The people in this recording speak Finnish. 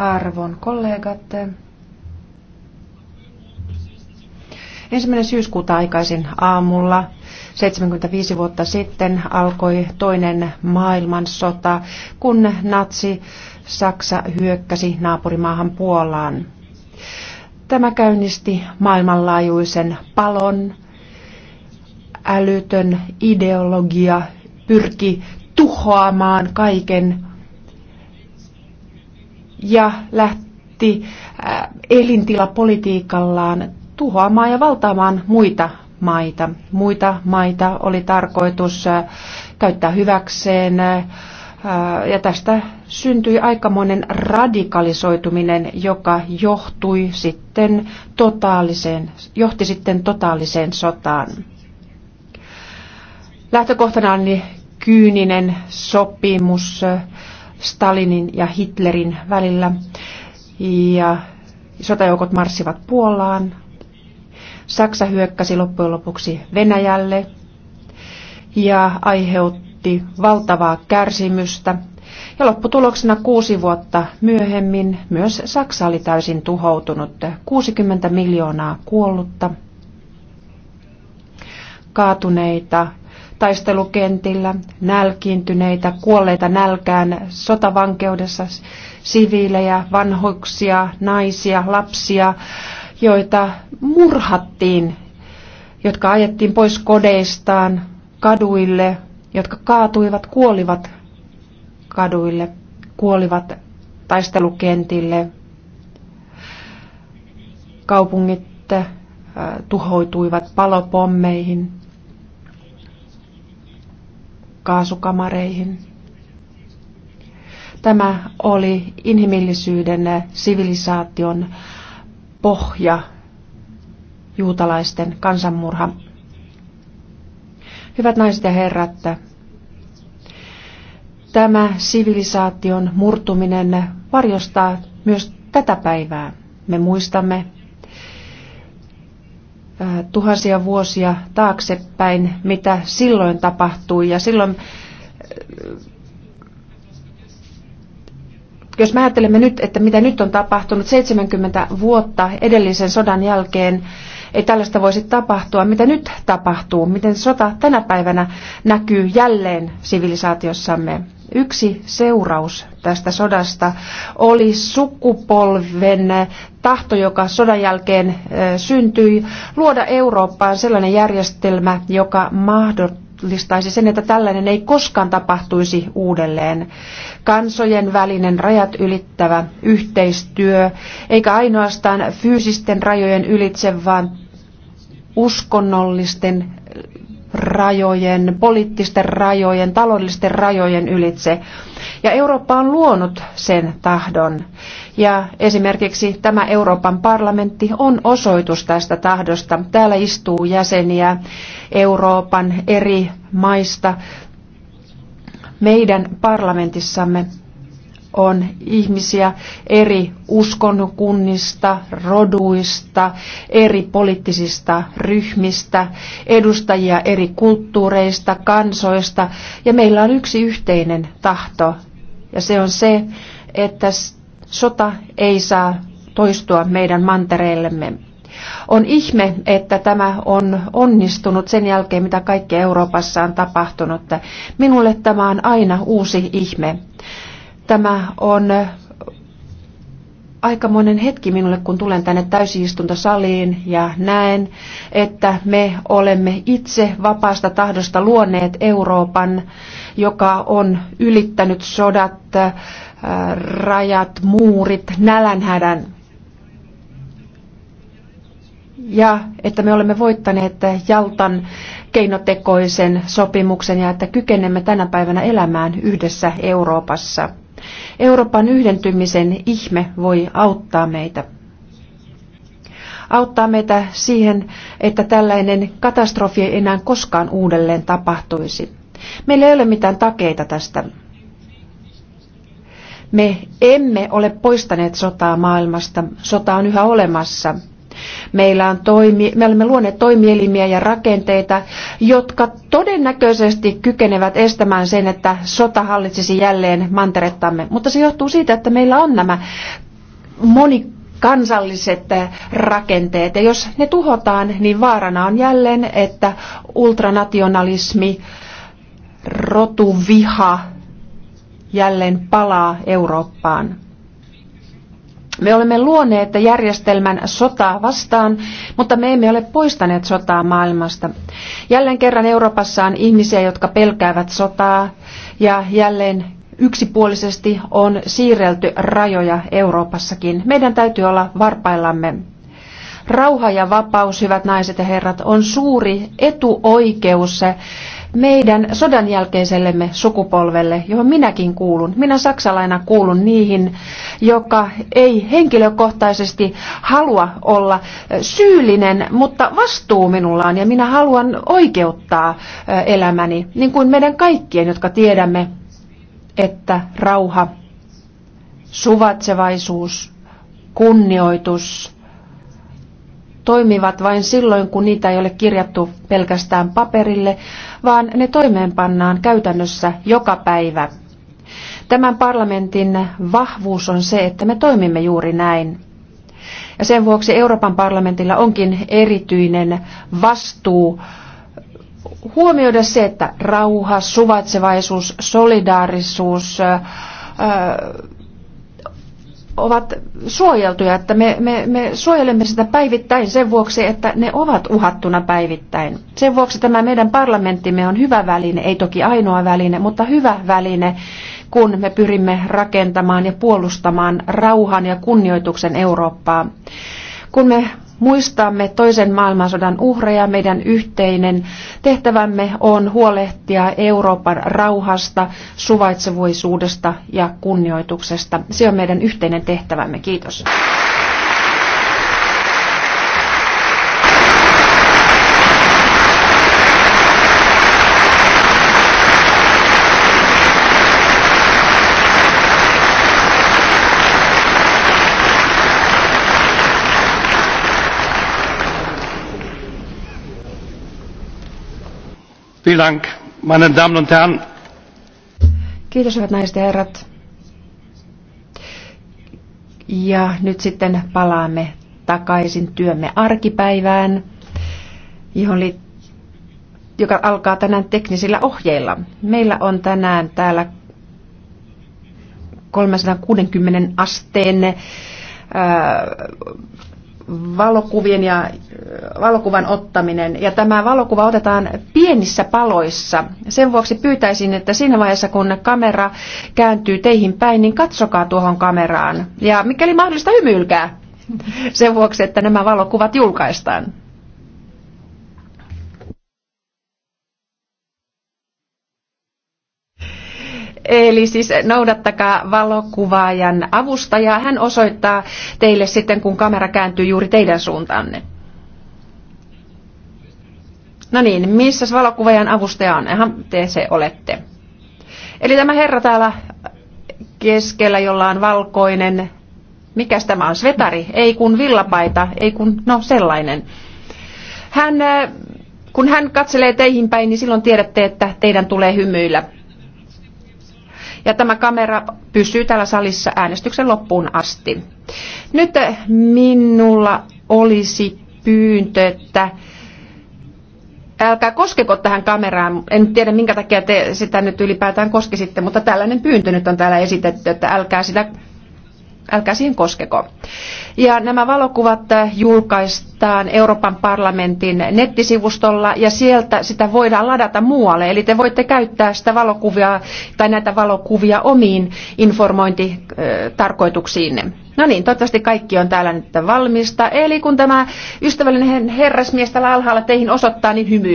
Arvon kollegat. Ensimmäinen syyskuuta aikaisin aamulla 75 vuotta sitten alkoi toinen maailmansota, kun natsi Saksa hyökkäsi naapurimaahan Puolaan. Tämä käynnisti maailmanlaajuisen palon. Älytön ideologia pyrki tuhoamaan kaiken ja lähti äh, elintilapolitiikallaan tuhoamaan ja valtaamaan muita maita. Muita maita oli tarkoitus äh, käyttää hyväkseen äh, ja tästä syntyi aikamoinen radikalisoituminen, joka johtui sitten totaaliseen, johti sitten totaaliseen sotaan. Lähtökohtana oli kyyninen sopimus, Stalinin ja Hitlerin välillä. Ja sotajoukot marssivat Puolaan. Saksa hyökkäsi loppujen lopuksi Venäjälle ja aiheutti valtavaa kärsimystä. Ja lopputuloksena kuusi vuotta myöhemmin myös Saksa oli täysin tuhoutunut, 60 miljoonaa kuollutta, kaatuneita taistelukentillä, nälkiintyneitä, kuolleita nälkään, sotavankeudessa, siviilejä, vanhoksia, naisia, lapsia, joita murhattiin, jotka ajettiin pois kodeistaan kaduille, jotka kaatuivat, kuolivat kaduille, kuolivat taistelukentille. Kaupungit äh, tuhoituivat palopommeihin kaasukamareihin. Tämä oli inhimillisyyden eh, sivilisaation pohja juutalaisten kansanmurha. Hyvät naiset ja herrat, tämä sivilisaation murtuminen varjostaa myös tätä päivää. Me muistamme tuhansia vuosia taaksepäin, mitä silloin tapahtui. Ja silloin, jos me ajattelemme nyt, että mitä nyt on tapahtunut 70 vuotta edellisen sodan jälkeen, ei tällaista voisi tapahtua. Mitä nyt tapahtuu? Miten sota tänä päivänä näkyy jälleen sivilisaatiossamme? Yksi seuraus tästä sodasta oli sukupolven tahto, joka sodan jälkeen syntyi, luoda Eurooppaan sellainen järjestelmä, joka mahdollistaisi sen, että tällainen ei koskaan tapahtuisi uudelleen. Kansojen välinen rajat ylittävä yhteistyö, eikä ainoastaan fyysisten rajojen ylitse, vaan uskonnollisten rajojen, poliittisten rajojen, taloudellisten rajojen ylitse. Ja Eurooppa on luonut sen tahdon. Ja esimerkiksi tämä Euroopan parlamentti on osoitus tästä tahdosta. Täällä istuu jäseniä Euroopan eri maista meidän parlamentissamme on ihmisiä eri uskonnokunnista, roduista, eri poliittisista ryhmistä, edustajia eri kulttuureista, kansoista ja meillä on yksi yhteinen tahto ja se on se, että sota ei saa toistua meidän mantereillemme. On ihme, että tämä on onnistunut sen jälkeen, mitä kaikki Euroopassa on tapahtunut. Minulle tämä on aina uusi ihme. Tämä on aikamoinen hetki minulle, kun tulen tänne täysistuntosaliin ja näen, että me olemme itse vapaasta tahdosta luoneet Euroopan, joka on ylittänyt sodat, äh, rajat, muurit, nälänhädän. Ja että me olemme voittaneet Jaltan keinotekoisen sopimuksen ja että kykenemme tänä päivänä elämään yhdessä Euroopassa. Euroopan yhdentymisen ihme voi auttaa meitä. Auttaa meitä siihen, että tällainen katastrofi ei enää koskaan uudelleen tapahtuisi. Meillä ei ole mitään takeita tästä. Me emme ole poistaneet sotaa maailmasta. Sota on yhä olemassa – Meillä on toimi, me olemme luoneet toimielimiä ja rakenteita, jotka todennäköisesti kykenevät estämään sen, että sota hallitsisi jälleen manterettamme. Mutta se johtuu siitä, että meillä on nämä moni kansalliset rakenteet. Ja jos ne tuhotaan, niin vaarana on jälleen, että ultranationalismi, rotuviha jälleen palaa Eurooppaan. Me olemme luoneet järjestelmän sotaa vastaan, mutta me emme ole poistaneet sotaa maailmasta. Jälleen kerran Euroopassa on ihmisiä, jotka pelkäävät sotaa ja jälleen yksipuolisesti on siirrelty rajoja Euroopassakin. Meidän täytyy olla varpaillamme. Rauha ja vapaus, hyvät naiset ja herrat, on suuri etuoikeus meidän sodan jälkeisellemme sukupolvelle, johon minäkin kuulun. Minä saksalaina kuulun niihin, joka ei henkilökohtaisesti halua olla syyllinen, mutta vastuu minulla on ja minä haluan oikeuttaa elämäni, niin kuin meidän kaikkien, jotka tiedämme, että rauha, suvatsevaisuus, kunnioitus, toimivat vain silloin, kun niitä ei ole kirjattu pelkästään paperille, vaan ne toimeenpannaan käytännössä joka päivä. Tämän parlamentin vahvuus on se, että me toimimme juuri näin. Ja sen vuoksi Euroopan parlamentilla onkin erityinen vastuu huomioida se, että rauha, suvaitsevaisuus, solidaarisuus, ovat suojeltuja, että me, me, me suojelemme sitä päivittäin sen vuoksi, että ne ovat uhattuna päivittäin. Sen vuoksi tämä meidän parlamenttimme on hyvä väline, ei toki ainoa väline, mutta hyvä väline, kun me pyrimme rakentamaan ja puolustamaan rauhan ja kunnioituksen Eurooppaa. Kun me muistamme toisen maailmansodan uhreja. Meidän yhteinen tehtävämme on huolehtia Euroopan rauhasta, suvaitsevuisuudesta ja kunnioituksesta. Se on meidän yhteinen tehtävämme. Kiitos. Kiitos hyvät naiset ja herrat. Ja nyt sitten palaamme takaisin työmme arkipäivään, johon liittyy joka alkaa tänään teknisillä ohjeilla. Meillä on tänään täällä 360 asteen ää, valokuvien ja valokuvan ottaminen. Ja tämä valokuva otetaan pienissä paloissa. Sen vuoksi pyytäisin, että siinä vaiheessa kun kamera kääntyy teihin päin, niin katsokaa tuohon kameraan. Ja mikäli mahdollista, hymyilkää sen vuoksi, että nämä valokuvat julkaistaan. Eli siis noudattakaa valokuvaajan avustajaa. Hän osoittaa teille sitten, kun kamera kääntyy juuri teidän suuntaanne. No niin, missä valokuvaajan avustaja on? Eihän te se olette. Eli tämä herra täällä keskellä, jolla on valkoinen, mikäs tämä on, svetari, ei kun villapaita, ei kun, no sellainen. Hän, eh, kun hän katselee teihin päin, niin silloin tiedätte, että teidän tulee hymyillä ja tämä kamera pysyy täällä salissa äänestyksen loppuun asti. Nyt minulla olisi pyyntö, että älkää koskeko tähän kameraan. En tiedä, minkä takia te sitä nyt ylipäätään koskisitte, mutta tällainen pyyntö nyt on täällä esitetty, että älkää sitä älkää siihen koskeko. Ja nämä valokuvat äh, julkaistaan Euroopan parlamentin nettisivustolla ja sieltä sitä voidaan ladata muualle. Eli te voitte käyttää sitä valokuvia tai näitä valokuvia omiin informointitarkoituksiinne. No niin, toivottavasti kaikki on täällä nyt valmista. Eli kun tämä ystävällinen herrasmies täällä alhaalla teihin osoittaa, niin hymy.